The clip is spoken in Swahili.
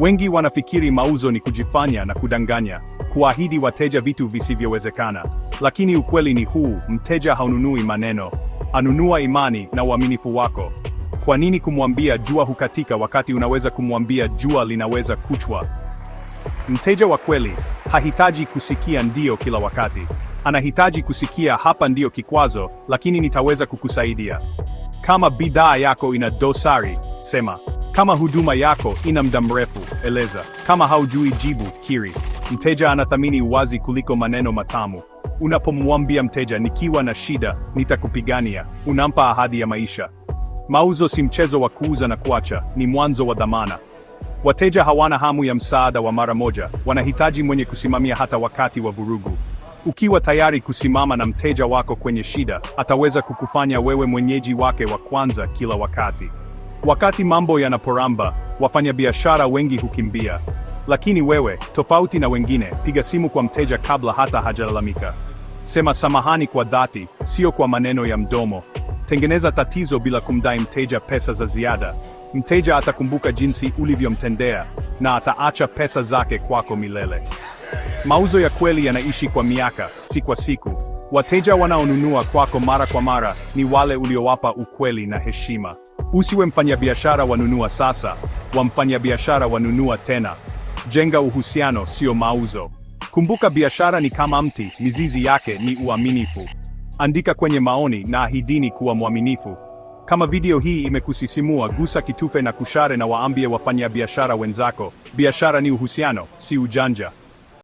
Wengi wanafikiri mauzo ni kujifanya na kudanganya, kuahidi wateja vitu visivyowezekana. Lakini ukweli ni huu, mteja haununui maneno, anunua imani na uaminifu wako. Kwa nini kumwambia jua hukatika wakati unaweza kumwambia jua linaweza kuchwa? Mteja wa kweli hahitaji kusikia ndio kila wakati. Anahitaji kusikia hapa ndiyo kikwazo, lakini nitaweza kukusaidia. Kama bidhaa yako ina dosari, sema kama huduma yako ina muda mrefu, eleza. Kama haujui jibu, kiri. Mteja anathamini uwazi kuliko maneno matamu. Unapomwambia mteja, nikiwa na shida nitakupigania, unampa ahadi ya maisha. Mauzo si mchezo wa kuuza na kuacha, ni mwanzo wa dhamana. Wateja hawana hamu ya msaada wa mara moja, wanahitaji mwenye kusimamia hata wakati wa vurugu. Ukiwa tayari kusimama na mteja wako kwenye shida, ataweza kukufanya wewe mwenyeji wake wa kwanza kila wakati. Wakati mambo yanaporamba, wafanyabiashara wengi hukimbia. Lakini wewe, tofauti na wengine, piga simu kwa mteja kabla hata hajalalamika. Sema samahani kwa dhati, sio kwa maneno ya mdomo. Tengeneza tatizo bila kumdai mteja pesa za ziada. Mteja atakumbuka jinsi ulivyomtendea na ataacha pesa zake kwako milele. Mauzo ya kweli yanaishi kwa miaka, si kwa siku. Wateja wanaonunua kwako mara kwa mara ni wale uliowapa ukweli na heshima. Usiwe mfanyabiashara wanunua sasa, wa mfanyabiashara wanunua tena. Jenga uhusiano, sio mauzo. Kumbuka, biashara ni kama mti, mizizi yake ni uaminifu. Andika kwenye maoni na ahidini kuwa mwaminifu. Kama video hii imekusisimua, gusa kitufe na kushare, na waambie wafanyabiashara wenzako, biashara ni uhusiano, si ujanja.